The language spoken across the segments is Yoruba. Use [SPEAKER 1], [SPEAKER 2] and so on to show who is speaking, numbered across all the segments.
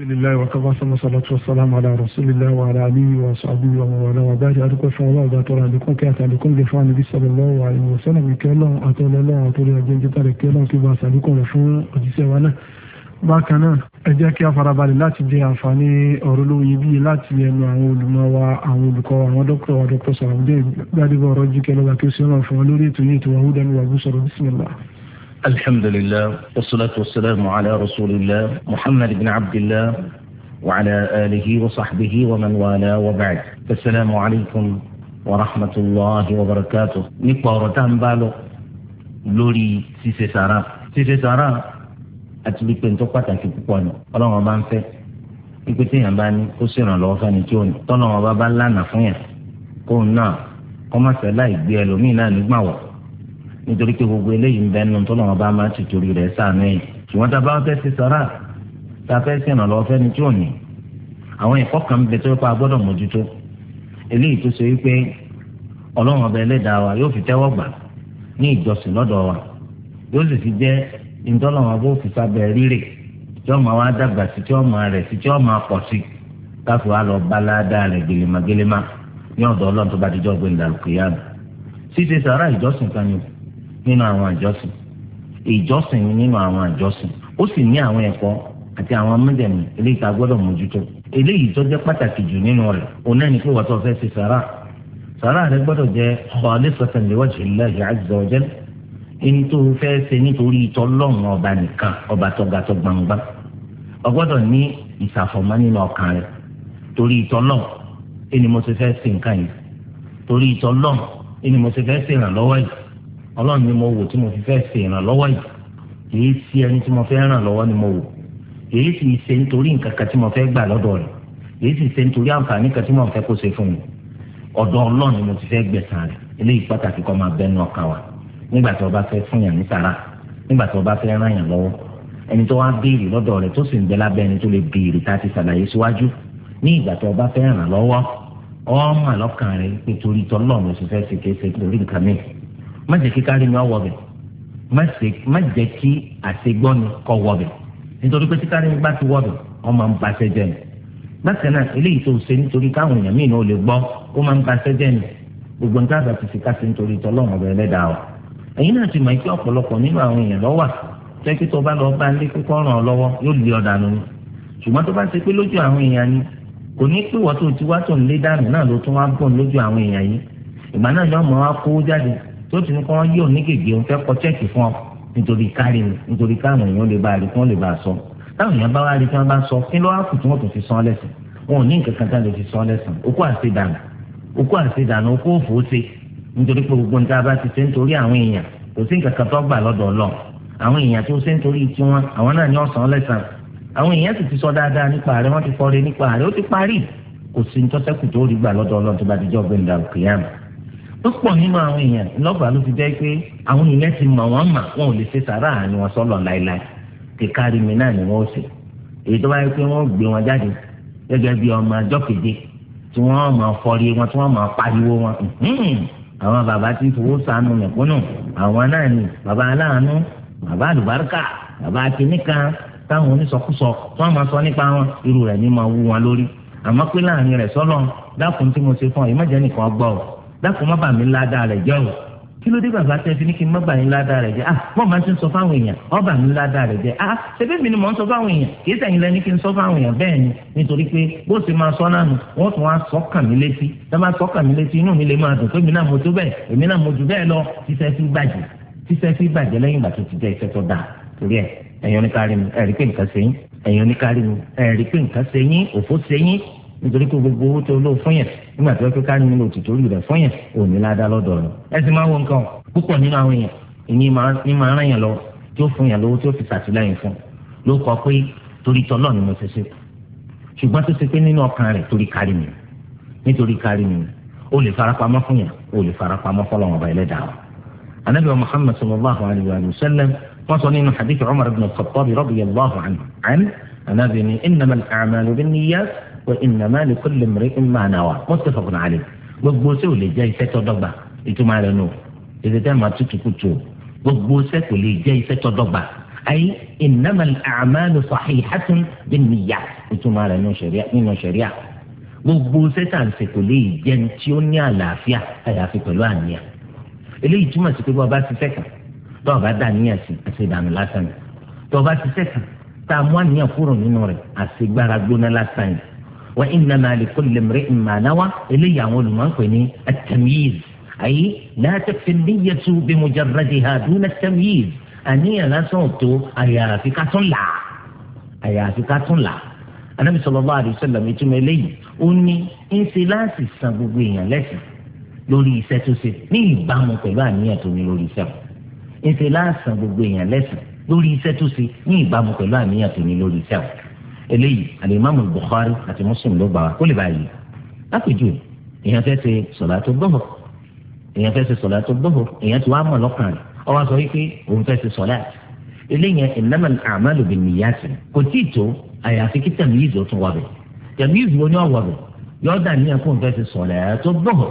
[SPEAKER 1] bisimilayi wa kaba sama salatu wa salamu ala rasulillahi wa ala alihi wa sahbihi wa mawala wa baari adukọ fún ọlọ́run bá tọrọ àlékún kí àti àlékún lè fún anabi sallallahu alayhi wa sallam ìkẹ́ ọlọ́run àtọ́lọ́lọ́run àtọ́lọ́ àjẹjẹta rẹ̀ kí ọlọ́run kí bá sàlékún rẹ̀ fún òjíṣẹ́ wa náà. bákan náà ẹ jẹ́ kí a farabalẹ̀ láti jẹ àǹfààní ọ̀rọ̀ lóye bíi láti ẹnu àwọn olùmọ̀ wa àwọn olùkọ́ àwọn dókítà wa dókítà sọ̀rọ̀
[SPEAKER 2] الحمد لله والصلاة والسلام على رسول الله محمد بن عبد الله وعلى آله وصحبه ومن والاه وبعد السلام عليكم ورحمة الله وبركاته نقرأ تنبالو لوري سيسي سارا سيسي سارا أتلقى أن تقطع في كوانو ألون وبان في ìpètè yàn bá ní kó ṣèrànlọ́wọ́ fẹ́ni tí ó ní tọ́lọ́wọ́n bá bá lánàá fún yàn kó nítorí pé gbogbo eléyìí ń bẹ nínú tó lọ́wọ́ bá máa tìtorí rẹ̀ sànú yìí ṣùgbọ́n tá a bá fẹ́ ṣe sàrà tá a fẹ́ ṣe ìrànlọ́wọ́ fẹ́ni tí ò ní àwọn ẹ̀kọ́ kan bẹ tó pa gbọ́dọ̀ mójútó eléyìí tó ṣe wípé ọlọ́run ọba ẹlẹ́dàá wa yóò fi tẹ́wọ́ gbà ní ìjọsìn lọ́dọ̀ wa yóò sì fi jẹ́ ìtọ́lọ́wọ́n bó fi sábẹ́ rírè tí ọmọ wa dàgbà sí tí ọmọ rẹ̀ sí tí ọmọ pọ̀ sí káfí wa lọ bá ládàá rẹ̀ gèlèmagèlèmá ní ọ̀dọ̀ ọlọ́run tó bá dijọ́ gbé ńlá lùkìyàmù ṣíṣe sàrà ìjọsìn kan yìí nínú àwọn àjọsìn ìjọsìn nínú àwọn àjọsìn ó sì ní àwọn ẹ̀kọ́ àti àwọn amúdẹ̀mí eléyìí tá a gbọ́dọ̀ mójútó eléyìí tó jẹ́ pàtàkì jù nínú rẹ̀ òun náà ní pé wọ́n tó fẹ́ ṣe sàrà sàrà rẹ̀ gbọ́dọ̀ jẹ́ khalisatan li wajhillahi azza wa jalla ẹni tó fẹ́ ṣe nítorí tọ́lọ́run ọba nìkan ọba tọ́ga tó gbangba ó gbọ́dọ̀ ní ìsàfọ̀mọ́ nínú ọkàn rẹ̀ torí tọ́lọ́run ẹni mo ti fẹ́ ṣe nǹkan yìí torí tọ́lọ́run ẹni mo ti fẹ́ ṣèrànlọ́wọ́ yìí ọlọ́run ni mo wò tí mo fi fẹ́ ṣe ìrànlọ́wọ́ yìí èyí sí ẹni tí mo fẹ́ ràn lọ́wọ́ ni mo wò èyí sì ṣe nítorí nǹkan kan tí mo fẹ́ gbà lọ́dọ̀ rẹ̀ èyí sì ṣe nítorí àǹfààní kan tí mo fẹ́ kó ṣe fún mi ọ̀dọ̀ ọlọ́run ni mo ti fẹ́ gbẹ̀san rẹ̀ eléyìí pàtàkì kọ́ máa bẹ́nu ọkàn wa nígbà tí wọ́n bá fẹ́ fún yàn ní sàrà nígbà tí wọ́n bá fẹ́ ràn yàn lọ́wọ́ ẹni tó wá béèrè lọ́dọ̀ rẹ̀ tó sì ń bẹ lábẹ́ ẹni tó lè béèrè tá a ti ṣàlàyé síwájú ní ìgbà tí wọ́n bá fẹ́ ràn lọ́wọ́ ọmọ àlọ́kàn rẹ̀ pé torí tọ́lọ́run ló ṣe fẹ́ ṣe kéṣe torí nǹkan mìíràn má jẹ́ kí kárí mi ọwọ́ bẹ̀ má jẹ́ kí àṣegbọ́ni kọ́ wọ́ bẹ̀ nítorí pé tí kárí mi bá ti wọ́ bẹ̀ wọ́n máa ń baṣẹ́ jẹ́ mi bákan náà eléyìí tó ṣe nítorí káwọn èèyàn míì náà lè gbọ́ ó máa ń baṣẹ́ jẹ́ mi gbogbo nǹkan àgbà ti fi ká sí nítorí tọ́lọ́run ọ̀bẹ ẹlẹ́dàá wa ẹ̀yin náà ti mọ̀ pé ọ̀pọ̀lọpọ̀ nínú àwọn èèyàn lọ́wà tẹ́kí tó bá lọ bá lé kókó ràn ọ́ lọ́wọ́ yóò lé ọ̀dà nù ni ṣùgbọ́n tó bá ṣe pé lójú àwọn èèyàn ni kò ní pé wọ́n tó ti wá tó ń lé dànù náà ló tún wá bọ̀ lójú àwọn èèyàn yìí ìgbà náà yọ ọmọ wa kó jáde tó ti ní kí wọ́n yí òní gègé òun fẹ́ kọ chẹ́ẹ̀kì fún ọ nítorí kárí ni nítorí káwọn èèyàn lè bá rí kí wọ́n lè bá sọ táwọn èèyàn bá wá rí kí wọ́n bá sọ kí ló wá kù tí wọ́n tó fi san lẹ́sìn wọn ò ní nǹkan kan tá lè fi san lẹ́sìn okú àṣedànù okú àṣedànù okú òfò ṣe nítorí pé gbogbo nǹkan bá ti ṣe nítorí àwọn èèyàn kò sí nǹkan kan tó gbà lọ́dọ̀ Ọlọ́run àwọn èèyàn tó ṣe nítorí tiwọn àwọn náà ni wọ́n san lẹ́sìn àwọn èèyàn sì ti sọ dáadáa nípa rẹ̀ wọ́n ti fọre nípa rẹ̀ ó ti parí kò sí ní tó rí gbà lọ́dọ̀ Ọlọ́run tó bá ti jọ́ gbẹ̀ǹdà òkè yàrá tó pọ̀ nínú àwọn èèyàn lọ́gbàá ló fi jẹ́ pé àwọn èèyàn ti mọ̀ wọ́n mà wọn ò lè ṣe sàrà àánú wọn sọ́lọ̀ láéláé kíkárí mi náà ni wọ́n ṣe èyí tó bá yẹ pé wọ́n gbé wọn jáde gẹ́gẹ́ bí ọmọ ọjọ́ keje tí wọ́n máa fọrí wọn tí wọ́n máa pariwo wọn àwọn bàbá tí fowó sànù mẹ̀kúnnù àwọn náà ni bàbá aláàánú bàbá àlùbáríkà bàbá akínníkan táwọn onísọkúsọ tí wọ́n máa sọ nípa wọn irú rẹ̀ ni máa wú wọn lórí àmọ́ pé láàrin rẹ̀ sọ́lọ́ dákun tí mo ṣe fún ọ ìmọ̀jẹ́ nìkan gbọ́ ọ dákun má bà mí ládàá rẹ̀ jẹ́ o kí ló dé bàbá tẹ́ fi ní kí n má bà yín ládàá rẹ̀ jẹ́ ah wọ́n máa ń ti sọ fáwọn èèyàn ọ́ bà mí ládàá rẹ̀ jẹ́ ah ṣebí mi ni mò ń sọ fáwọn èèyàn kì í sẹ́yìn lẹ́ni kí n sọ fáwọn èèyàn bẹ́ẹ̀ ni nítorí pé bó ṣe máa sọ náà nù wọ́n tún wá sọ́kàn mí létí tá bá sọ́kàn mí létí inú mi lè máa dùn pé èmi náà mo tó bẹ́ẹ̀ èmi náà mo jù bẹ́ẹ̀ lọ tíṣẹ́ fi bàjẹ́ tíṣẹ́ fi bàjẹ́ lẹ́yìn ìgbà tó ti jẹ́ iṣẹ́ tó dáa torí ẹ̀ ẹ̀yin oníkárí mi ẹ̀rí pé nǹkan ṣe yín ẹ̀yin oníkárí mi ẹ̀rí pé nǹkan ṣe yín òfó ṣe yín nítorí pé gbogbo owó tó lò fún yẹn nígbà tó kí ká ní lò tìtorí rẹ̀ fún yẹn ò ní ládàá lọ́dọ̀ rẹ̀ ẹ sì máa wọ nǹkan púpọ̀ nínú àwọn èèyàn ìní máa ràn yàn lọ tí ó fún yàn lówó tí ó fi ṣàtìlẹ́yìn fún ló kọ pé torí tọlọ ni mo ṣe ṣe ṣùgbọ́n tó ṣe pé nínú ọkàn rẹ̀ torí kárí mi nítorí kárí mi o lè farapamọ́ fún yàn o lè farapamọ́ fọlọ́wọn ọba ẹlẹ́dàá wa anabi wa wa innama li kulli imri'in ma nawa muttafaqun alayh gbogbo ṣe ò lè jẹ́ iṣẹ́ tó dọ́gba ìtumọ̀ rẹ̀ nù èdè tẹ́ máa tutù kutù gbogbo ṣe kò lè jẹ́ iṣẹ́ tó dọ́gba ayi innama al-a'malu sahihatun bin-niyyah ìtumọ̀ rẹ̀ nù ṣẹ̀ríà nínú ṣẹ̀ríà gbogbo ṣe tàǹsì kò lè jẹ́ tí ó ní àlàáfíà àyàfi pẹ̀lú àníyàn eléyìí túmọ̀ sí pé bí bá ṣiṣẹ́ kan tó wa innama likulli imri'in ma nawa eléyìí àwọn olùmọ̀ ń pè ní at-tamyiz أي لا تكفي النية بمجردها دون التمييز أنية لا صوت أيا في كاتولا أيا في كاتولا النبي صلى الله عليه وسلم يتم لي أني انسلاس السببية لسي lórí iṣẹ́ tó ṣe ní ìbámu pẹ̀lú àníyàn tó ní lórí iṣẹ́ o ń ṣe láàsàn gbogbo èèyàn lẹ́sìn lórí iṣẹ́ tó ṣe ní ìbámu pẹ̀lú àníyàn tó ní lórí iṣẹ́ o eléyìí alimami Bukhari àti Muslim ló gbà wá kó lè bá yìí lápèjú èèyàn fẹ́ ṣe sọ̀lá tó gbọ́họ̀ èèyàn fẹ́ ṣe sọ̀lá tó gbọ́họ̀ èèyàn ti wá mọ̀ lọ́kàn rẹ̀ ọwọ́ sọ wípé òun fẹ́ ṣe sọ̀lá eléyìí ìnáma àmàlù bì níyàtì kò tí ì tó àyàfi kí tẹ̀míìzì ó tún wà bẹ̀ tẹ̀míìzì wo ni ó wà bẹ̀ yọ̀ọ́ dàníyàn kó òun fẹ́ ṣe sọ̀lá tó gbọ́họ̀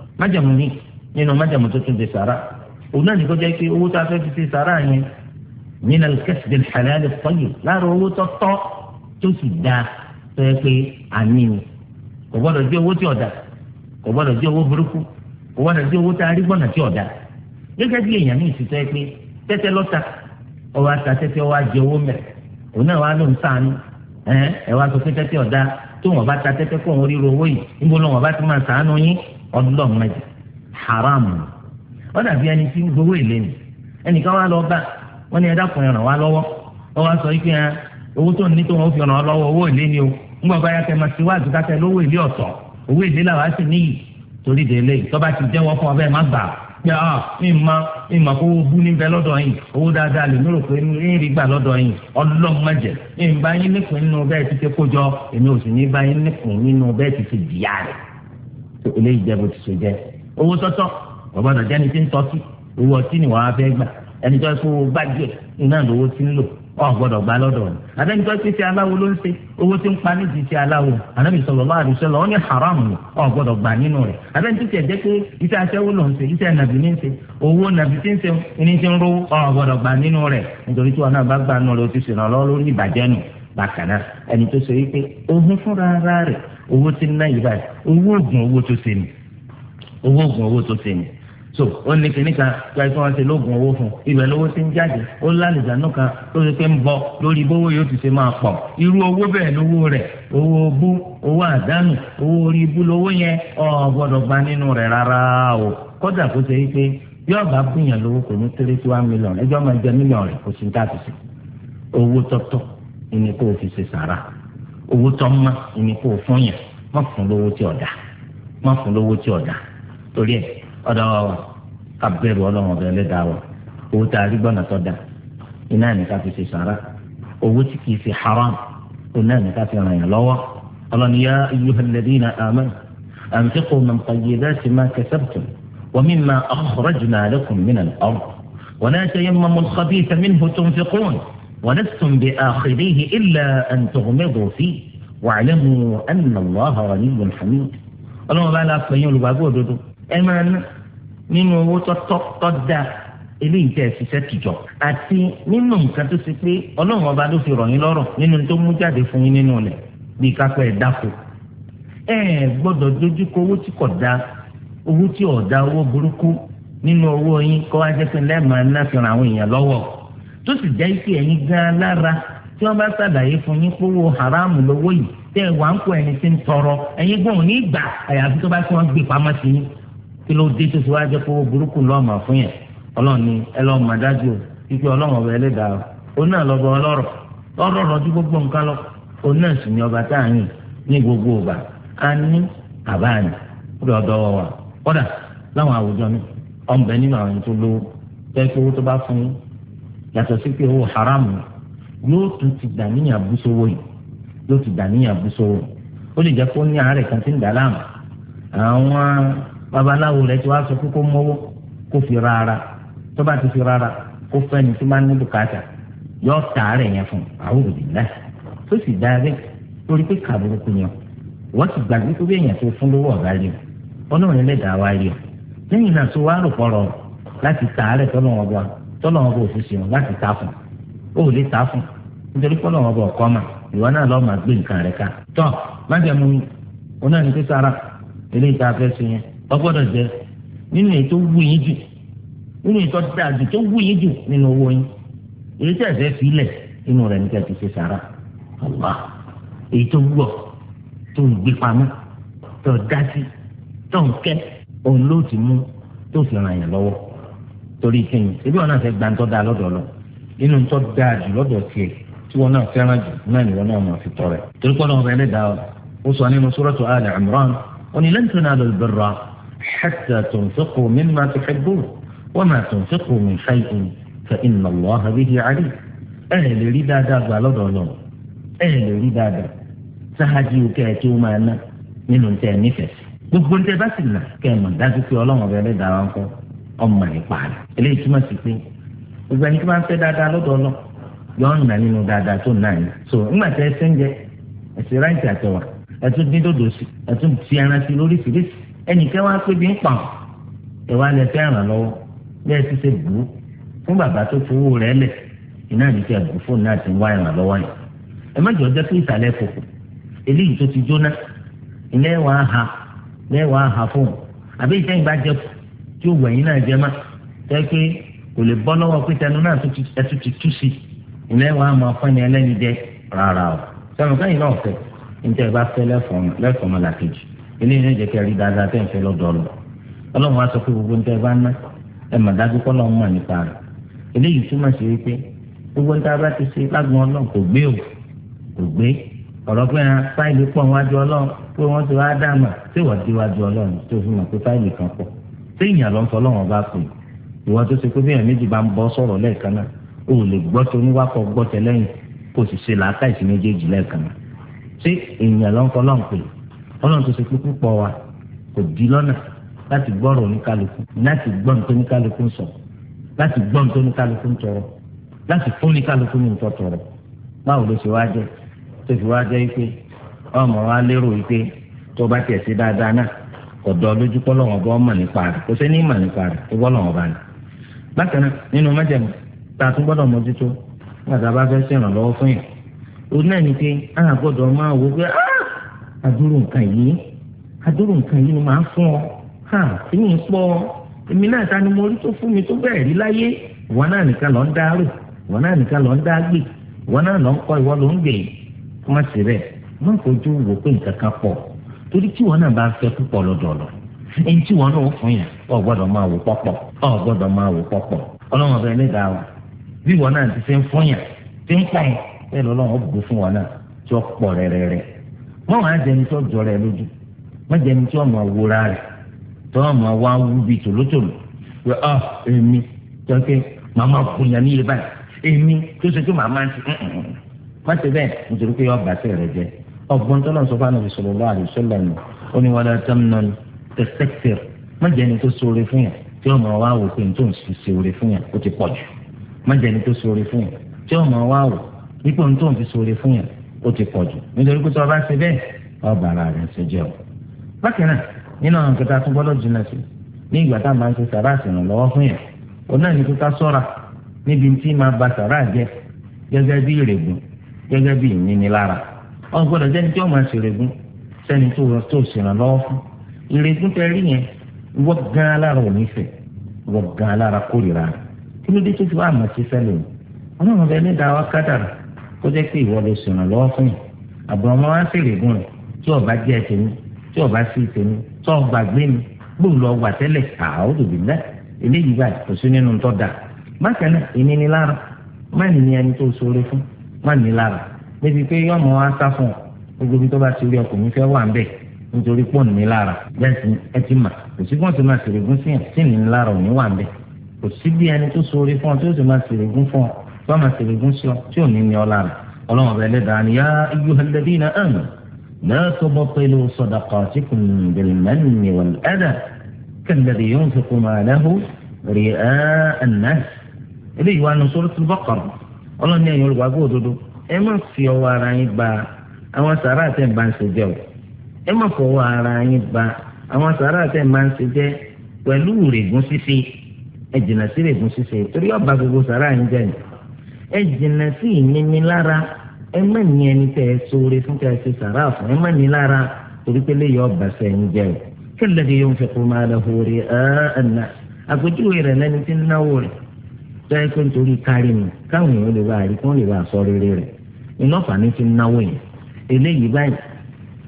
[SPEAKER 2] májàmú ni nínú májàmú tó tún ti sàrà òun náà nìkan jẹ́ pé owó tá a fẹ́ fi ti sara yẹn min al-kasb al-halal láàrọ̀ owó tọ́tọ́ tó sì da tó yẹ pé àní ni kò gbọ́dọ̀ jẹ́ owó tí ọ̀dà kò gbọ́dọ̀ jẹ́ owó burúkú kò gbọ́dọ̀ jẹ́ owó tá a rí gbọ́nà tí ọ̀dà gẹ́gẹ́ bí èèyàn ní ìsìtọ́ yẹ pé tẹ́tẹ́ lọ́ta ọwọ́ ata tẹ́tẹ́ ọlọ́run mẹ́jọ haram ọ dàbí ẹni tí ń gbowó èlé ni ẹnìkan wá lọ bá wọn ni ẹ̀dá kan ràn wá lọ́wọ́ wọ́n wá sọ yìí pé owó tó ní tó wọn fi ràn wá lọ́wọ́ owó èlé ni o ńgbà bá yàtọ̀ máa ti wá àdúgbàtà lówó èlé ọ̀tọ̀ owó èlé làwọn á sì níyì torí délé tọ́ba ti jẹ́wọ́ fún ọbẹ̀ má gbà pé ah, kó bú lọ́dọ̀ yìí owó dáadáa lè pé rí gbà lọ́dọ̀ yìí ọlọ́mọdé nìkún nínú tó eléyìí jẹ́ bó ti ṣe jẹ́ owó tọ́tọ́ ọ̀gbọ́dọ̀ jẹ́ni tí ń tọ́tí owó ọtí ni wàá fẹ́ gbà ẹni tó kó owó gbàgbé iná lówó ti ń lò ọ̀ gbọ́dọ̀ gbà lọ́dọ̀ rẹ̀ àtẹni tó ti ti aláwo ló ń ṣe owó tí ń pa ní ti ti aláwo ànábì sallallahu alaihi wasallam ó ní haramu ni ọ̀ gbọ́dọ̀ gbà nínú rẹ̀ àtẹni tó ti ẹ̀jẹ̀ pé iṣẹ́ aṣẹ́wó ló ń ṣe iṣẹ́ nàbì ní ń ṣe owó nàbì tí ń ṣe ní ti ń rówó ọ̀ gbọ́dọ̀ gbà nínú rẹ̀ nítorí tí wọn náà bá gbà nù rẹ̀ ó ti ṣèrànlọ́wọ́ lórí ìbàjẹ́ nù bákan náà ẹni tó ṣe wípé ohun fúnra rẹ̀ owó tí ń ná yìí báyìí owó oògùn owó tó ṣe ni owó oògùn owó tó ṣe ni so ó ní kíní kan gba ikú wọn ṣe lóògùn owó fún ibẹ̀ lówó tí ń jáde ó lálejò àánú kan tó ṣe pé ń bọ lórí bówó yóò ti ṣe máa pọ̀ irú owó bẹ́ẹ̀ lówó rẹ̀ owó bú owó àdánù owó orí ibú lówó yẹn ò gbọ́dọ̀ gba nínú rẹ̀ rárá o kódà kó ṣe pé yóò bá gbìyàn lówó kò ní three to one million ẹjọ́ máa jẹ mílíọ̀n rẹ̀ kò sí ní tàbí sí owó tọ́tọ́ ìní kó o fi ṣe sàrà owó tó ń ma ẹni kó fún yàn má fún lówó tí ọ̀dà má fún lówó tí ọ̀dà torí ẹ̀ ọ̀dà wa wà ká bẹ̀rù ọlọ́run ọ̀dọ̀ ẹlẹ́dàá wa owó tá a rí gbọ́nà tó dà iná ní ká fi ṣe sàrà owó tí kìí ṣe haram iná ní ká fi ràn yàn lọ́wọ́ ọlọ́ni yá ayyuhalladhina amanu anfiqu min tayyibati ma kasabtum wa mimma akhrajna lakum min al-ard wa la tayammamu al-khabitha minhu tunfiqun ولستم بآخذيه إلا أن تغمضوا فيه واعلموا أن الله غني حميد ọlọ́run bá la fẹ́ yín olùgbàgbọ́ òdodo ẹ máa ná nínú owó tọ́tọ́ da eléyìí tẹ́ ẹ ṣiṣẹ́ tìjọ àti nínú nǹkan tó ṣe pé ọlọ́run ọba ló fi rọ̀ yín lọ́rọ̀ nínú tó mú jáde fún yín nínú rẹ̀ bíi kápẹ́ ẹ̀ dáko ẹ gbọ́dọ̀ dojú kọ owó tí kò da owó tí ò da owó burúkú nínú owó yín kọ́ wá jẹ́ pé lẹ́ẹ̀ máa ná fi ràn àwọn èèyàn lọ́wọ́ tó sì jẹ́ ike ẹ̀yin gan lára tí wọ́n bá ṣàlàyé fún yín kówó haramu lówó yìí tẹ́ ẹ̀ wá ń kó ẹni tí ń tọrọ ẹ̀yin gbọ́n ní ìgbà àyàfi tó bá tí wọ́n gbé pamọ́ sí yín kí ló dé tó wá burúkú lọ́ọ̀mà fún yẹn ọlọ́run ni ẹ lọ́ọ́ o ọlọ́run ọ̀bẹ ẹlẹ́dàá o náà ọlọ́rọ̀ yàtọ̀ sí pé owó haramu yóò tún ti dàníyàn bú sówó yìí yóò ti dàníyàn ó lè jẹ́ kó ní àárẹ̀ kan ti ń dà láàmú àwọn babaláwo rẹ̀ ti wá sọ pé kó mọ́wó fi rárá tó ti fi rárá kó fẹ́ni tó ní bùkátà yóò ta àárẹ̀ yẹn fún àwọn òbílẹ̀ tó sì dá rẹ̀ lórí pé kàbùrùkù yẹn wọ́n ti gbàgbé pé èèyàn fún lówó ọ̀gá rí o ọlọ́run ẹlẹ́dàá wá rí o lẹ́yìn náà tó wá rò pọ̀rọ̀ láti àárẹ̀ tọ́lọ̀ wọn bò fi ṣe wọn láti ta fún ó lè ta fún nítorí pọ́lọ̀ wọn bò kọ́ mà ìwọ náà lọ́ọ́ máa gbé nǹkan rẹ̀ ká tọ́ májàmú oná sára eléyìí tá a fẹ́ ṣe yẹn ọgbọ́dọ̀ jẹ nínú èyí tó wù yín jù nínú èyí tó dáa jù tó wù yín jù nínú owó yín èyí rẹ̀ ṣe sára èyí torí kí ni ebi wọn náà fẹ́ gba ntọ́ da lọ́dọ̀ lọ inú ntọ́ da jù lọ́dọ̀ tiẹ̀ tí wọn náà fẹ́ràn jù náà ni wọn náà máa fi tọrẹ. torí kọ́ lọ́wọ́ bẹ́ẹ̀ dáa ó sọ nínú suratu Ali Imran wọn ni lan tanalul birra hatta tunfiqu mimma tuhibbun wa ma tunfiqu min shay'in fa inna Allaha bihi alim. ẹ ẹ lè rí dáadáa gbà lọ́dọ̀ lọ ẹ lè rí dáadáa sáhájú kẹ́ ẹ kí ó máa ná nínú tẹ nífẹ̀ẹ́ gbogbo ní tẹ bá sì nà kẹ́ ẹ mọ̀ dájú pé ọlọ́run ọ̀bẹ ẹlẹ́dàá wa ń kọ́ ọmọ nípa rẹ̀ eléyìí túmọ̀ sí pé gbogbo ẹni tí wọ́n fẹ́ dáadáa lọ́dọ̀ lọ yọ̀ọ́ nà nínú dáadáa tó nà yìí so ńgbà tẹ́ ẹ sẹ́ńjẹ ẹ̀sìn ráǹtì àtẹ̀wà ẹ̀tún dín dòdò sí ẹ̀tún ti ẹran sí lóríṣiríṣi ẹnìkan wá pé bí ń pa ẹ̀wà lẹ fẹ́ ràn lọ́wọ́ bẹ́ẹ̀ ti ṣe bù ú fún bàbá tó fowó rẹ̀ lẹ̀ iná ní kí ẹ̀bùn fóònù náà ti wá ìràn lọ́wọ́ yẹn ẹ má jọ jẹ́ pé ìsàlẹ̀ fòkò wa ha ilé wa ha fóònù àbí ìtẹ́yìn bá tí ò wẹ̀yìn náà jẹ́ má jẹ́ pé kò lè bọ́ lọ́wọ́ pé tẹnu náà ẹtú ti tú sí ilé wa máa fún ẹni ẹlẹ́ni jẹ rárá o sọ̀rọ̀ káyìn náà fẹ́ níta ẹ bá fẹ́ lẹ́fọ̀ọ́mọ làkejì ilé yẹn jẹ́ kí ẹ rí dáadáa tẹ́ ń fẹ́ lọ́dọ̀ ọ̀lọ́ ọlọ́run wa sọ pé gbogbo níta ẹ bá ná ẹ mà dájú kọ́ lọ́run mà nípa rẹ̀ eléyìí túmọ̀ sí wípé gbogbo níta bá ti ṣe lágbọn ọlọ́run séèyàn ló ń fọ lọ́wọ́n bá pè ìwọ tó ṣe pé bí èèyàn méjì bá ń bọ́ sọ̀rọ̀ lẹ́ẹ̀kan náà o lè gbọ́ tó níwákọ̀ gbọ́ tẹ́lẹ́yìn kò sì ṣe làákàyè sí méjèèjì lẹ́ẹ̀kan náà ṣé èèyàn ló ń fọ lọ́wọ́n pè ọlọ́run tó ṣe pé púpọ̀ wa kò di lọ́nà láti gbọ́rọ̀ oníkálukú láti gbọ́ ní tóníkálukú ń sọ láti gbọ́ ní tóníkálukú ń tọrọ láti fún oníkálukú ní nǹkan tọrọ báwo ló ṣe wá jẹ tó fi wá jẹ wípé ọmọ wa lérò wípé tó bá tiẹ̀ ṣe dáadáa náà kò dọ́ lójú pọ́ lọ́wọ́ bọ́ mọ̀ nípa rẹ̀ kò sẹ́ni nípa bá bákan náà nínú májèmú tá a tún gbọ́dọ̀ mójútó nígbà bá fẹ́ ṣèrànlọ́wọ́ fún yàn òun náà ni pé a máa ah! ọ ha èmi ń pọ èmi náà ta ni mo rí tó fún mi tó bẹ́ẹ̀ rí láyé ìwọ náà nìkan lọ ń dá rò ìwọ náà nìkan lọ ń dá torí tí wọn náà bá ń fẹ́ púpọ̀ lọdọọlọ ẹni tí wọn náà fún yàn ọ gbọ́dọ̀ máa wò pọpọ ọ gbọ́dọ̀ máa wò pọpọ Ọlọ́run ọbẹ ẹlẹdàá na bí wọn náà ti ṣe fún yàn ti ń pọn bẹ́ẹ̀ lọ́lọ́run ó fún wọn náà tí ó pọ̀ rẹrẹrẹ wọn wàá jẹni tó jọ rẹ lójú wọn jẹni tí wọn máa wúra rẹ tí wọn máa wá wú tòlótòló pé ọ ah, èmi ké màmá ní ilé báyìí èmi tó ṣe tó màmá ti ọgbọ́n tọ́lọ̀ sọ fáwọn ìṣòro lọ́wọ́ àdìsọ́lẹ̀ nù ó ní wàlá tẹ́mínọ́n tẹ́sẹ̀kẹ́tẹ̀ má jẹ́ni tó sóore fún yàn tí ọmọ wa wò pé nítorí òun sì sóore fún yàn ó ti pọ̀ jù má jẹ́ni tó sóore fún yàn tí ọmọ wa wò nípò nítorí òun fi sóore fún yàn ó ti pọ̀ jù nítorí pé tí wọ́n bá ṣe bẹ́ẹ̀ ọba ara rẹ̀ ṣe jẹ́ o. bákan náà nínú àwọn kẹta tó gbọ́dọ̀ jìnnà sí ní ìgbà wọn gbọ́dọ̀ jẹ́ni tí wọ́n máa ṣèrègùn sẹ́ni tó rọ tó ṣèrànlọ́wọ́ fún ìrègùn tẹ rí yẹn wọ́n gan alára òní fẹ̀ wọ́n gan alára kórìíra kí ló dé tó fi wá mọ̀ sí sẹ́lẹ̀ o ọlọ́run bẹ ní dáwọ́ kádàrà kó jẹ́ pé ìwọ ló ṣèrànlọ́wọ́ fún yìí àbúrò wọn wá ṣèrègùn rẹ̀ tí ọba jẹ́ tèmi tí ọba sí tèmi tí ọba gbé mi gbòòlù ọgbà tẹ́lẹ̀ àwọn òbí náà eléyìí báyìí kò sí nínú tọ́ da bákan náà ìnínilára má ní tó sọ̀rọ̀ fún má ní lára níbi pé yọmọ wa sá fún ọ gbogbo ibi tó bá ti rí ọkùnrin fẹ́ wà ń bẹ̀ nítorí pọ̀ ní lára bẹ́ẹ̀ ẹ ti mà kò sí fún ọ tó máa ṣèrè gún síyàn sí ní lára òní wà ń kò sí bí ẹni tó sori fún ọ tó sì máa ṣèrè gún fún ọ tó máa ṣèrè gún sí ọ tí ò ní ní ọ lára ọlọ́run ọ̀bẹ ẹlẹ́dàá ni yá iyú ẹlẹ́dí iná ẹ̀ lẹ́ẹ̀tọ́ bọ́ pẹ̀lú sọ̀dọ̀kọ̀ tí kò ní bẹ̀rẹ̀ ẹ má fi ọwọ́ ara yín ba àwọn sàrà tẹ̀ ń bá ń ṣe jẹ́ o ẹ má fọwọ́ ara yín ba àwọn sàrà tẹ̀ ń bá ń ṣe jẹ́ pẹ̀lú règùn ṣíṣe ẹ jìnnà sí règùn ṣíṣe torí ọba gbogbo sàrà yín jẹ́ ni ẹ jìnnà sí ìnini lára ẹ má ní ẹni tẹ ẹ sóore fún tẹ ẹ ṣe sàrà fún ẹ má ní lára torí pé léyìí ọba ṣe ẹyin jẹ́ o kẹlẹ ni yóò fi kó máa lọ hóore ẹ ẹ nà àpèjúwe rẹ lẹni tí ń náwó rẹ tẹ ẹ pé nítorí kárí mi káwọn èèyàn lè bá rí kí lè bá sọ rere rẹ iná fani ti náwó yẹn eléyìí báyìí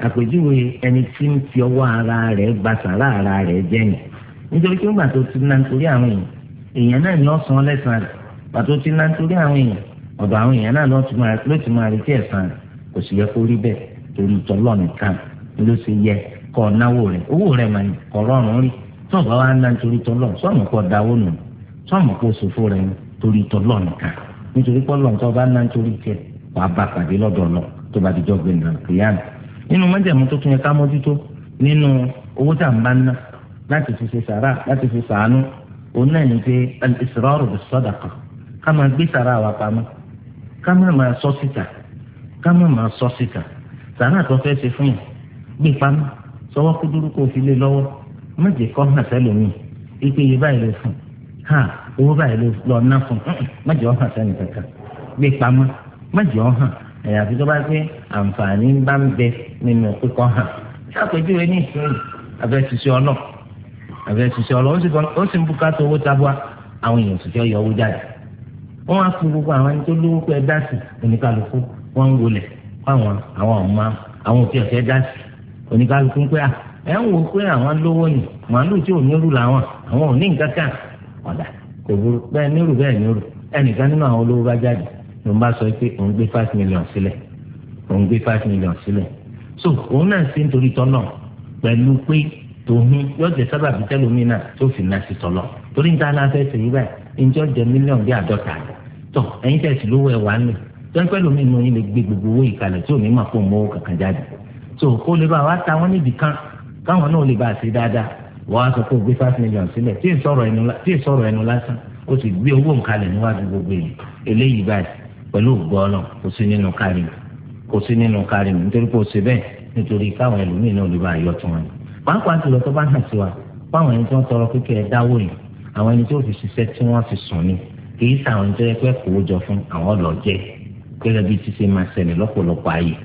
[SPEAKER 2] àpèjúwe ẹni tí ń fi ọwọ́ ara rẹ̀ gba sàrà ara rẹ̀ jẹ́ yẹn nítorí pé gbàtó ti ná nítorí àwọn èèyàn èèyàn náà ni ọ̀sán lẹ́sàn rẹ̀ gbàtó ti ná nítorí àwọn èèyàn ọ̀dọ̀ àwọn èèyàn náà ló ti máa retí ẹ̀san rẹ̀ kò sì yẹ kó rí bẹ́ẹ̀ torí tọ́lọ́ nìkan ló ṣe yẹ kọ́ náwó rẹ̀ owó rẹ̀ mà ní kọ́ rọrùn rí tó bá wá ná nítorí tọ́lọ́ sọ́ọ̀mù kọ́ dáwó nù sọ́ọ̀mù kó ṣòfò rẹ̀ torí tọ́lọ́ nìkan nítorí pọ́lọ́ tó bá ná nítorí tiẹ̀ wàá bá pàdé lọ́dọ̀ náà tó bá dijọ́ gbé nà kìyàmù nínú májàmú tó tún yẹ ká mójútó nínú owó tá à ń bá ná láti fi ṣe sàrà láti fi sàánú òun náà ní pé al-israru bis-sadaqa ká máa gbé sàrà wa pamọ́ ká má máa sọ síta ká má máa sọ síta sàrà tó fẹ́ ṣe fún yàn gbé pamọ́ sọwọ́ kúdúrú kó fi lé lọ́wọ́ méje kọ́ hàn sẹ́lómi ipe yìí báyìí ló fún ha owó báyìí ló lọ ná fún méje ọ̀ sẹ́ni kankan gbé pamọ́ mẹ́jọ hàn ẹ̀yàfi tó bá pé àǹfààní ń bá ń bẹ nínú kíkọ́ hàn ṣé àpèjúwe ní ìsinyìí abẹ́ṣiṣẹ́ ọlọ́ abẹ́ṣiṣẹ́ ọlọ́ ó sì ń bùkátà owó tabua àwọn èèyàn sì fẹ́ yọ owó jáde wọ́n á fi gbogbo àwọn ẹni tó lówó pé dá sí oníkálukú wọ́n ń wọlé fáwọn àwọn ọ̀ma àwọn òfin ọ̀fẹ́ dá sí oníkálukú pé à ẹ̀ ń wò pé àwọn lówó yìí màálù tí ò ní rú làwọn àwọn ò ní nǹkan kan ọ̀dà kò burú bẹ́ẹ̀ nírú bẹ́ẹ̀ nírú ẹnìkan nínú àwọn olówó bá jáde ló ń bá sọ pé òun gbé five million sílẹ̀ òun gbé five million sílẹ̀ so òun náà ṣe nítorí tọ́nà pẹ̀lú pé tòun yóò jẹ sábàbí tẹ́lómìnà tó fi náà sí tọ́lọ̀ torí níta náà fẹ́ sèyí báyìí njọ́ jẹ mílíọ̀n bí àádọ́ta tọ̀ ẹ̀yin tẹ̀sí lówó ẹ̀ wá nù tẹ́ńpẹ́ lómi inú yín lè gbé gbogbo owó ìkàlẹ̀ tí ò ní máa fóun mọ́wó kankan jáde so kó lè bá wa ta wọn níbi kan káwọn náà lè bá a ṣe dáadáa wọ́n á sọ pé o gbé five million sílẹ̀ tí ì sọ̀rọ̀ ẹnu lásán o sì gbé owó nǹkalẹ̀ níwájú gbogbo yìí eléyìí báyìí pẹ̀lú gbọ́ọ̀lọ̀ kò sí nínú kárìm kò sí nínú kárìm nítorí kò sí bẹ́ẹ̀ nítorí káwọn ẹlòmíín náà lè bá yọ tí wọn. pàápàá jùlọ tó bá hàn sí wa fáwọn ẹni tó ń tọrọ kíkẹ́ ẹ dáwó yìí àwọn ẹni tó fi ṣiṣẹ́ tí wọ́n fi sùn ni kì í sàwọn ẹni tó yẹ pé kò ó jọ fún àwọn ọlọ́jẹ́ gẹ́gẹ́ bí ṣíṣe máa ṣẹlẹ̀ lọ́pọ̀lọpọ̀ ayé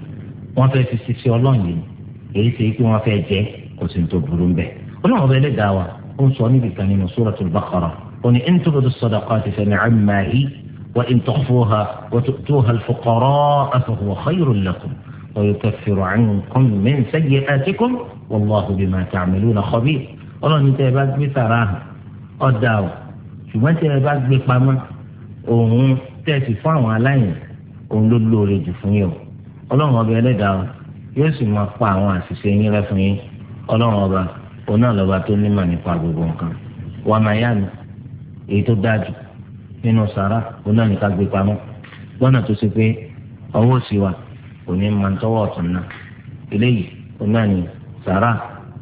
[SPEAKER 2] wọ́n fẹ́ fi ṣiṣẹ́ ọlọ́run èyí وإن تخفوها وتؤتوها الفقراء فهو خير لكم ويكفر عنكم من سيئاتكم والله بما تعملون خبير ọlọ́run ní tẹ́ ẹ bá gbé sàrà hàn ọ̀dà o ṣùgbọ́n tẹ́ ẹ bá gbé pamọ́ òun tẹ́ ẹ sì fún àwọn aláìní òun ló lóore jù fún yín o ọlọ́run ọba ẹlẹ́dàá o yóò sì máa pa àwọn àṣìṣe yín rẹ́ fún yín ọlọ́run ọba òun náà lọ́ba tó nímọ̀ nípa gbogbo nǹkan wàá máa yá mi èyí tó dáa jù nínú sàrà òun náà ní ká gbé pamọ́ lọ́nà tó ṣe pé ọwọ́ wa kò ní máa ń tọ́wọ́ ọ̀tún náà eléyìí ní sàrà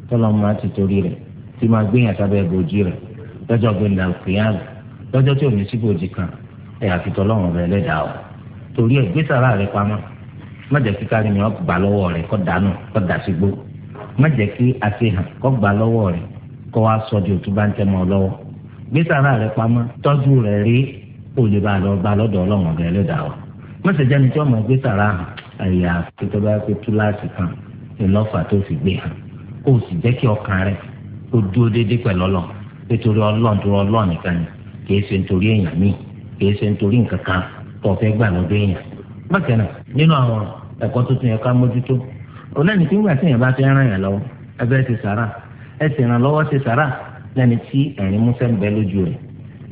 [SPEAKER 2] tọ́lọ́ máa ti torí rẹ̀ tí máa gbé yàn sábẹ́ bòjì rẹ̀ lọ́jọ́ gbẹ̀ndà òkèèyàn lọ́jọ́ tí ò sí bòjì kan ẹ̀ àfitọ́ rẹ̀ lẹ́dàá o torí ẹ̀ gbé sàrà rẹ̀ pamọ́ má jẹ́ kí kárí mi ọgbà lọ́wọ́ rẹ̀ kọ́ dànù kọ́ má jẹ́ kí kọ́ gbà lọ́wọ́ sọ di òtún bá ń gbé sàrà rẹ pamọ́ tọ́jú rẹ rí kó lè bá lọ bá lọ́dọ̀ ọlọ́run ọ̀gá wa tí ọmọ mọ̀ hàn àyà pé túláàsì kan tó fi gbé hàn kó o sì kí ọkàn rẹ déédéé nítorí tó nìkan ni kìí ṣe nítorí èèyàn kìí ṣe nítorí nǹkan gbà èèyàn. náà nínú àwọn lẹ́ni tí ẹ̀rín músẹ́ ń bẹ lójú rẹ̀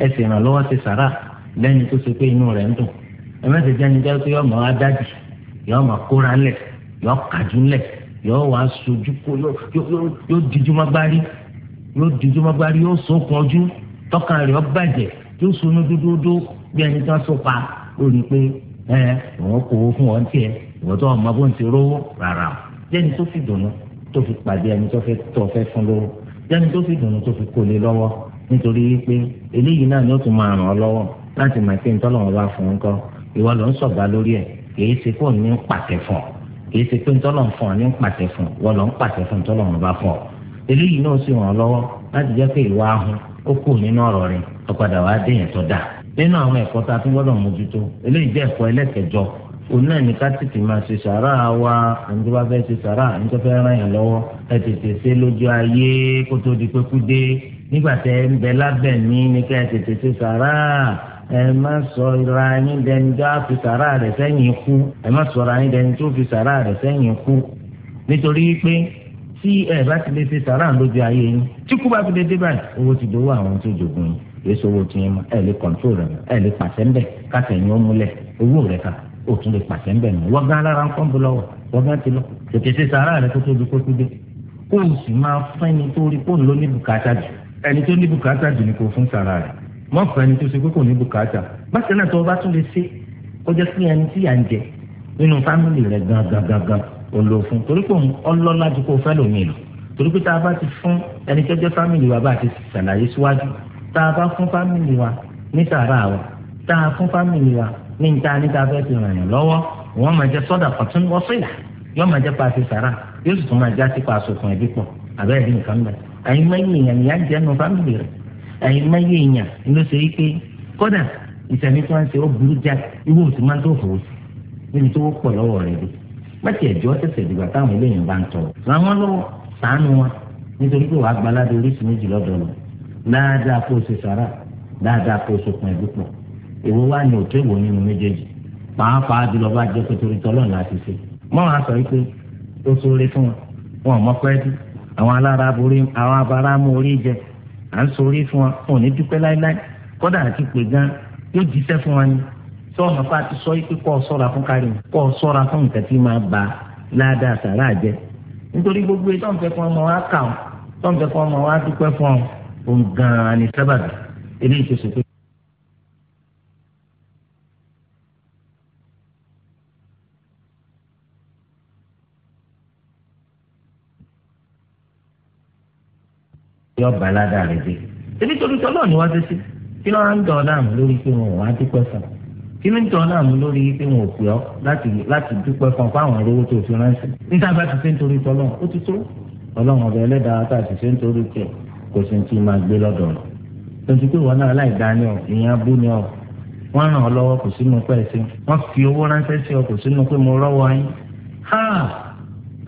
[SPEAKER 2] ẹ sì ràn lọ́wọ́ sí sàrà lẹ́ni tó ṣe pé inú rẹ̀ ń dùn ẹ má ṣe jẹ́ni jẹ́ pé yọ́ọ́ mọ̀ á dájì yọ́ọ́ mọ̀ kóra ńlẹ̀ yọ́ọ́ kàjú ńlẹ̀ yọ́ọ́ wà á sojú kó yóò díjú mọ́gbárí yóò díjú mọ́gbárí yóò sókun ojú tọ́kàn rẹ̀ ọ́ bàjẹ́ yóò sunú dúdúdú bí ẹni tó so pa ó rí i pé ẹ òun kò wó fún ọ ní tiẹ̀ tó ọmọ bó ń ti rówó rárá jẹ́ni tó fi dùnú tó fi pàdé ẹni tó fẹ́ fún lówó jẹ́ni tó fi dùnú tó fi kò lè lọ́wọ́ nítorí wípé eléyìí náà ni ó tún máa ràn ọ́ lọ́wọ́ láti máa pé nítorí wọn bá fún un kọ́ ìwọ ló ń sọ̀gbà lórí ẹ̀ kìí ṣe fún ní pàtẹ fún ọ kìí ṣe pé nítorí wọn fún ọ ní pàtẹ fún wọn lọ ń pàtẹ fún nítorí wọn bá fún ọ eléyìí náà sì ràn ọ́ lọ́wọ́ láti jẹ́ pé ìwà ahun ó kù nínú ọ̀rọ̀ rẹ̀ ọ̀padà wàá dé yẹn tó dáa nínú àwọn ẹ̀kọ́ tá a gbọ́dọ̀ mójútó eléyìí jẹ́ ẹ̀kọ́ ẹlẹ́kẹjọ òun náà ní ká tètè máa ṣe sàrà wa àwọn tó bá fẹ́ ṣe sàrà àwọn tó fẹ́ ràn yàn lọ́wọ́ ẹ tètè ṣe lójú ayé kó tó di pẹ́kú dé nígbà tẹ ẹ ń bẹ lábẹ́ mi ní ká ẹ tètè ṣe sàrà ẹ má sọ ra yín dẹni tó á fi sàrà rẹ̀ sẹ́yìn kú ẹ má sọ ra yín dẹni tó fi sàrà rẹ̀ sẹ́yìn kú nítorí pé tí ẹ bá ti lè ṣe sàrà lójú ayé yín tí kú bá ti lè dé báyìí owó ti dòwó àwọn tó jogún yín èso owó tiẹ̀ ẹ lè kọ̀ńtró rẹ̀ ẹ lè pàṣẹ o tún lè pàṣẹ ń bẹ̀ mọ́ wọ́n gán alára ń kọ́ ń bọ̀ lọ́wọ́ wọ́n gán ti lọ tètè ṣe sàárà rẹ tó tóbi kó tóbi kó o sì máa fún ẹni tó rí fóònù ló ní bùkátà jù ẹni tó ní bùkátà jù ni kò fún sàárà rẹ mọ́ fún ẹni tó ṣe pé kò ní bùkátà bákan náà tó o bá tún lè ṣe ó jẹ́ pé ẹni tí yà ń jẹ nínú fámìlì rẹ gangan gangan o lò fún torí pé òun ọlọ́lá ju kó fẹ́ lòmìn lò torí pé tá a bá ti fún ẹni tó a ti ṣàlàyé síwájú tá a a fún fámìlì ní níta níta fẹ́ fi ràn yàn lọ́wọ́ wọ́n máa jẹ sọ́dà pàtún wọ́sílà yóò máa jẹ paṣẹ sàrà yóò sì tún máa já sí paṣọ fún ẹbí pọ̀ àbẹ́rẹ́ rí nǹkan bẹ́ẹ̀ àyìn máa yé èèyàn ìyá jẹ́ nu fámìlì rẹ̀ àyìn máa yé èèyàn ló ṣe é pé kódà ìsẹ̀mí tí wọ́n ṣe ó burú já irú òsì máa ń tó fòó níbi tó pọ̀ lọ́wọ́ rẹ̀ dé mẹ́tì ẹ̀jọ́ tẹ̀sẹ̀ dìgbà táwọn eléyìí bá ń tọrọ làwọn èwo wá ní òtún èwo nínú méjèèjì pàápàá jùlọ bá jẹ́ pé torí tọ́lọ́ láti ṣe mọ́ wọn sọ pé ó sóore fún wọn wọn mọ́ pẹ́ẹ́dù àwọn alára borí àwọn abara mú orí jẹ à ń sóore fún wọn wọn ò ní dúpẹ́ láéláé kódà àti pé gan yóò jíṣẹ́ fún wọn ni tí wọn bá ti sọ pé kọ́ ọ fún kárí kọ́ ọ fún nǹkan tí máa ba ládàá sàrà jẹ nítorí gbogbo ẹ tọ́ǹfẹ́ fún ọmọ wa kà ọ́ tọ́ǹfẹ́ fún ọmọ wa dúpẹ́ fún ọ òun gan-an eléyìí tó ṣe pé. yọ balada rẹ dé ebi tó ń tọ́ náà ni wọ́n ti sí kí ló ń tọ́ náà lórí pé wọn ò wá dúpẹ́ fún un kí ló ń tọ́ náà lórí pé wọn ò pè ọ́ láti dúpẹ́ fún un fún àwọn owó tó fi ránṣẹ́ níta bá ti ṣe ń torí tọ́lọ́ ó ti tó ọlọ́run ọbẹ̀ ẹlẹ́dàá tá a ti ṣe ń torí tẹ̀ kò sì ti máa gbé lọ́dọ̀ rẹ̀ tuntun pé wọn náà láìda ni ọ ìyẹn abú ni ọ wọn ràn ọ lọ́wọ́ kò sínú pẹ́ẹ́sì wọn fi owó ránṣẹ́ sí ọ kò sínú pé mo rọ́wọ́ yín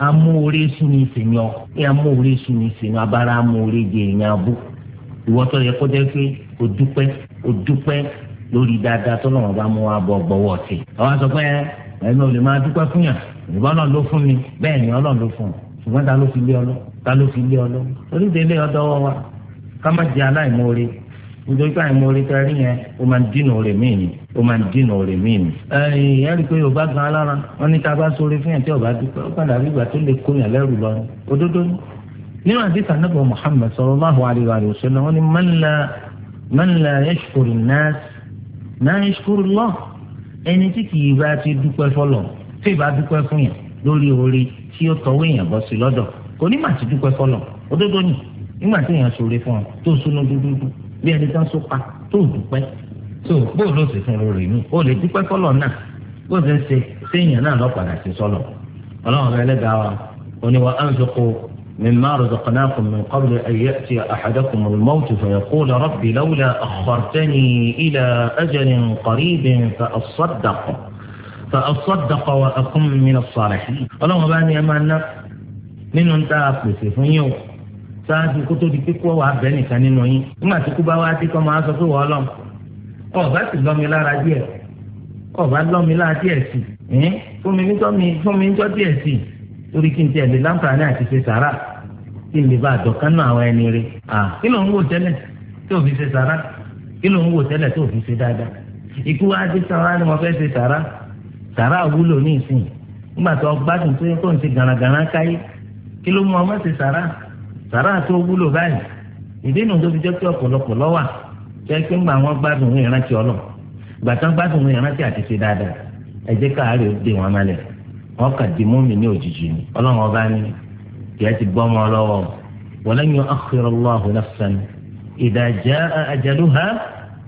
[SPEAKER 2] amóore sùnì sèyàn ẹ amóore sùnì sèyàn abára amóore jẹ èèyàn abú ìwọ́tọ̀ yẹ kó jẹ́ pé o dúpẹ́ o dúpẹ́ lórí dáadáa tó lọ́wọ́ bá mú wa bọ̀ gbọ́wọ́ sí àwọn sọ pé ẹni lè máa dúpẹ́ fún yàn ìbọn náà ló fún mi bẹ́ẹ̀ ni ọlọ́run ló fún un ṣùgbọ́n ta ló fi lé ọlọ́ ta ló fi lé ọlọ́ onídélé ọdọ́wọ́ wa ká má jẹ aláìmoore nítorí pé àìmoore yẹn ó máa dínà òrè míì ni. ẹyìn ẹrí pé yorùbá gan alára wọn ní tá a bá sọ̀rọ̀ fún yàn tí yorùbá dúpẹ́ ó padà bí ìgbà tó lè kó yàn lẹ́rù lọ òdodo ni. nínú àdìsá nàbọ muhammed sallallahu alayhi wa sallam wọn ni man la yashkuru nas la yashkuru Allah ẹni tí kì í bá ti dúpẹ́ fọlọ tí ì bá dúpẹ́ fún yàn lórí orí tí ó tọwọ́ èèyàn bọ́ sí lọ́dọ̀ kò ní mà dúpẹ́ fọlọ òdodo ni nígbà tí èèyàn sọ̀rọ̀ fún ọ tó súnú dúdúdú bí ẹni tán sópa tó dúpẹ́ tó bóò ló sì fún olórí mi ó lè dúpẹ́ folo náà bó ṣe ń ṣe séèyàn náà lọ́padà sí sọ́lọ̀ ọlọ́run rẹ lẹ́gàá wa oníwà anfiqu mimma razaqnakum min qabli an ya'tiya ahadakum al-mawtu fayaqula rabbi lawla akhartani ila ajalin qaribin fa asaddaq fa asaddaq wa akun min as-salihin ọlọ́run bá ní ẹ máa ná nínú tá a pèsè fún yín o ṣáájú kó di pé kó wàá bẹ́ẹ̀ nìkan nínú yín nígbà tí kú bá wá dé kọ́ máa sọ pé wọ́n ọlọ́run ọba sì lọ́mi lára díẹ̀ ọba lọ́mi lára díẹ̀ sí fún mi níjọ́ mi fún mi níjọ́ díẹ̀ sí torí kí n tiẹ̀ lè láǹfààní àti ṣe sàrà kí n lè bá àdọ̀kán náà àwọn ẹni rẹ̀ kí ló ń wò tẹ́lẹ̀ tó fi ṣe sàrà kí ló ń wò tẹ́lẹ̀ tó fi ṣe dáadáa ikú wa dé sàrà ni mo fẹ́ ṣe sàrà sàrà wúlò ní ìsìn nígbà tó gbádùn tó yẹ kó n ṣe gànàgànà káyé kí ló mú ọmọ ṣe sàrà sàrà tó wúlò báyìí ìdí nù tó fi jẹ́ pé ọ̀pọ̀lọpọ̀ lọ́wà jẹ́ pé ńgbà wọn gbádùn ní ìrántí ọlọ ìgbà tán gbádùn ní ìrántí àti ṣe dáadáa ẹ jẹ́ káàárẹ ó dé wọn mọ́lẹ̀ wọn kà di mọmì ní òjijì ni Ọlọ́run ọba ni kìí ti bọ́ wọn lọ́wọ́ walan yu'akhkhira Allahu nafsan idha jaa ajaluha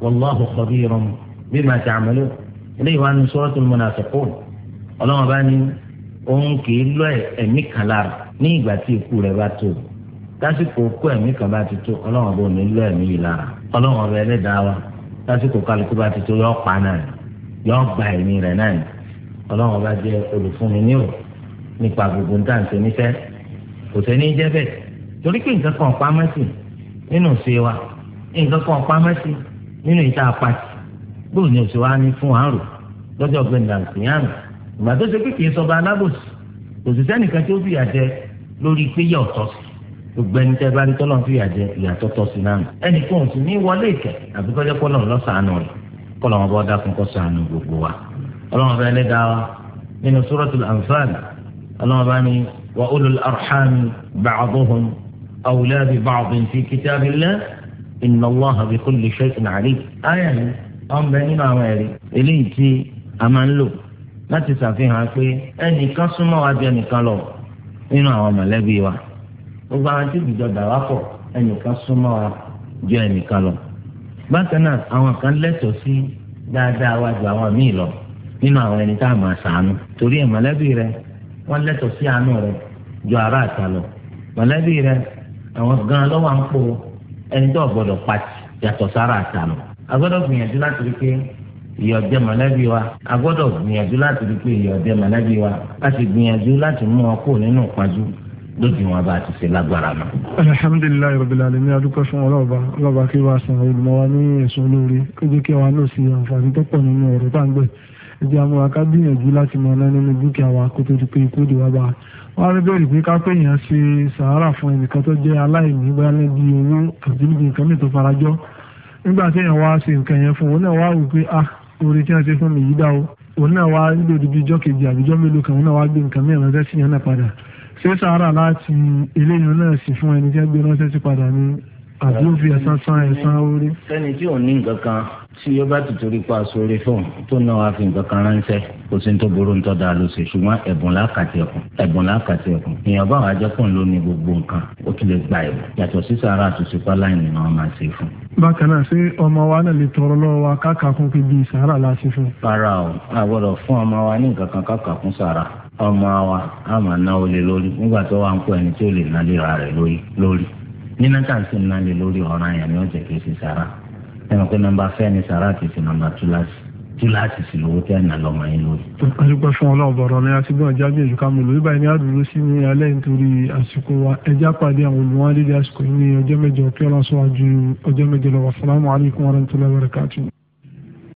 [SPEAKER 2] wallahu khabirun bima ta'malun eléyìí wàá nu suratul munafiqun Ọlọ́run ọba ni òun kìí lọ ẹ̀mí kan ní ìgbà tí ikú rẹ̀ bá tó o lásìkò kó ẹ̀mí kan bá ti tó ọlọ́run bò ní lọ ẹ̀mí yìí lára ọlọ́run ọba ẹlẹ́dàá wa lásìkò kálukú bá ti tó yọ pa náà yọ gba ẹ̀mí rẹ̀ náà ni ọlọ́run ọba jẹ́ olùfúnni ní o nípa gbogbo ń tàǹtẹ̀ nífẹ̀ kò sẹ́ni jẹ́ bẹ́ẹ̀ torí pé nǹkan kan pamọ́ sí nínú ìṣe wa nǹkan kan pamọ́ sí nínú ìta apáti bóò ni òṣèwà ní fún àrùn lọ́jọ́ gbẹ̀ndàǹtìyàmù ìgbà tó ṣe pé kì í sọba alábòsí òṣìṣẹ́ nìkan tí ó sí gbogbo ẹni tẹ́ bá rí tọ́lọ́ fi yàjẹ ìyàtọ̀ tọ́ sí náà ẹnì kan sì ní wọlé ìkẹ́ àbí kọ́jọ́ kọ́ lọ́run lọ́sàánù rẹ̀ kọ́ lọ́run bá dákun kọ́ sàánù gbogbo wa ọlọ́run bá ẹni dáa nínú suratul anfal ọlọ́run bá ní wa ulul arhami ba'duhum awla bi ba'din fi kitabillah inna Allaha bi kulli shay'in alim ayà ni wọ́n bẹ gbogbo àwọn tí ìdìjọ dà wá pọ̀ ẹnìkan súnmọ́ wa ju ẹnìkan lọ. bákan náà àwọn kan lẹ́tọ̀ọ́ sí dáadáa wá ju àwọn míì lọ nínú àwọn ẹni tá a máa ṣàánú torí ẹ̀ mọ̀lẹ́bí rẹ wọ́n lẹ́tọ̀ọ́ sí àánú rẹ ju ara àta lọ mọ̀lẹ́bí rẹ àwọn gan lọ́wọ́ à ń pò ẹni tó gbọ́dọ̀ pàtì lọ. a gbọ́dọ̀ gbìyànjú láti rí wa a gbọ́dọ̀ gbìyànjú láti rí wa láti gbìyànjú láti mú kó lófin wọn bá ti ṣe lágbára mọ.
[SPEAKER 1] alhamdulilayi rabbil alamin adúpẹ́ fún ọlọ́ọ̀bá ọlọ́ọ̀bá kí wàá san olùmọ̀ wa ní ẹ̀sùn olóore ó jẹ́ kí wàá lọ sí àǹfààní tó pọ̀ nínú ọ̀rọ̀ tá à ń gbẹ̀ ẹ̀jẹ̀ àmúra ká gbìyànjú láti mọ ọ̀nà nínú dúkìá wa kó tó di pé ikú di wá bá a. wọ́n á rí bẹ́ẹ̀ pé ká pé èèyàn ṣe sàárà fún ẹnìkan tó jẹ́ aláìní bóyá lẹ́bi owó àti níbi nǹkan mìíràn tó farajọ́ nígbà tí èèyàn wá ṣe nǹkan yẹn fún òun náà wá wò pé ah oore tí wọ́n ṣe fún mi yìí dá o òun náà wá nílò ìdíbi ijọ́ kejì àbíjọ́ mélòó kan òun náà wá gbé nǹkan mìíràn rẹ́ sí yẹn náà padà ṣé sàárà láti eléyìí náà sì fún ẹni jẹ́ gbé ránṣẹ́ sí padà ní àbí ó fi ẹ̀sán san ẹ̀sán orí.
[SPEAKER 2] sẹ́ni tí ò ní nǹkan kan tí ó bá ti torí pa sórí fóun tó náà wá fi nǹkan kan ránṣẹ́ kò sí ní tó burú ní tọ́da ló ṣe ṣùgbọ́n ẹ̀bùn lákàtì ẹ̀kùn ẹ̀bùn lákàtì ẹ̀kùn èèyàn bá wàá jẹ́kùn ló ní gbogbo nǹkan ó tún lè gba ẹ̀bùn yàtọ̀ sí sàárà àtúnṣe pálánì ni wọ́n máa ṣe bákan
[SPEAKER 1] náà ṣé ọmọ wa náà lè tọrọ lọ́wọ́ wa káàkà fún bíi sàárà la ṣe fún.
[SPEAKER 2] rárá o àgbọ̀dọ̀ fún ọmọ wa ní nǹkan kan káàkà sàárà ọmọ wa a máa náwó lé lórí nígbà tó wà ń kó ẹni tí ó lè ná léra rẹ̀ lórí nínú táǹsì ńlá lé lórí ọ̀ràn yẹn ni ó jẹ́ kí ó ṣe sàrà ẹnu pé nọ́mbà fẹ́ ni sàrà ti fi nọ́mbà túláàsì túláàsì sì lówó tẹ́ ẹ̀nà lọ́mọ yín lórí.
[SPEAKER 1] àdúgbò fún ọlọ́run bọ̀rọ̀ ni a ti gbọ́n jáde kámi lórí báyìí ní àdúró sí ní alẹ́ nítorí àsìkò wa ẹja pàdé àwọn olùwádìí àsìkò yìí ọjọ́ mẹ́jọ kí ọlọ́sọ ọjọ́ mẹ́jọ lọ́wọ́ fúnra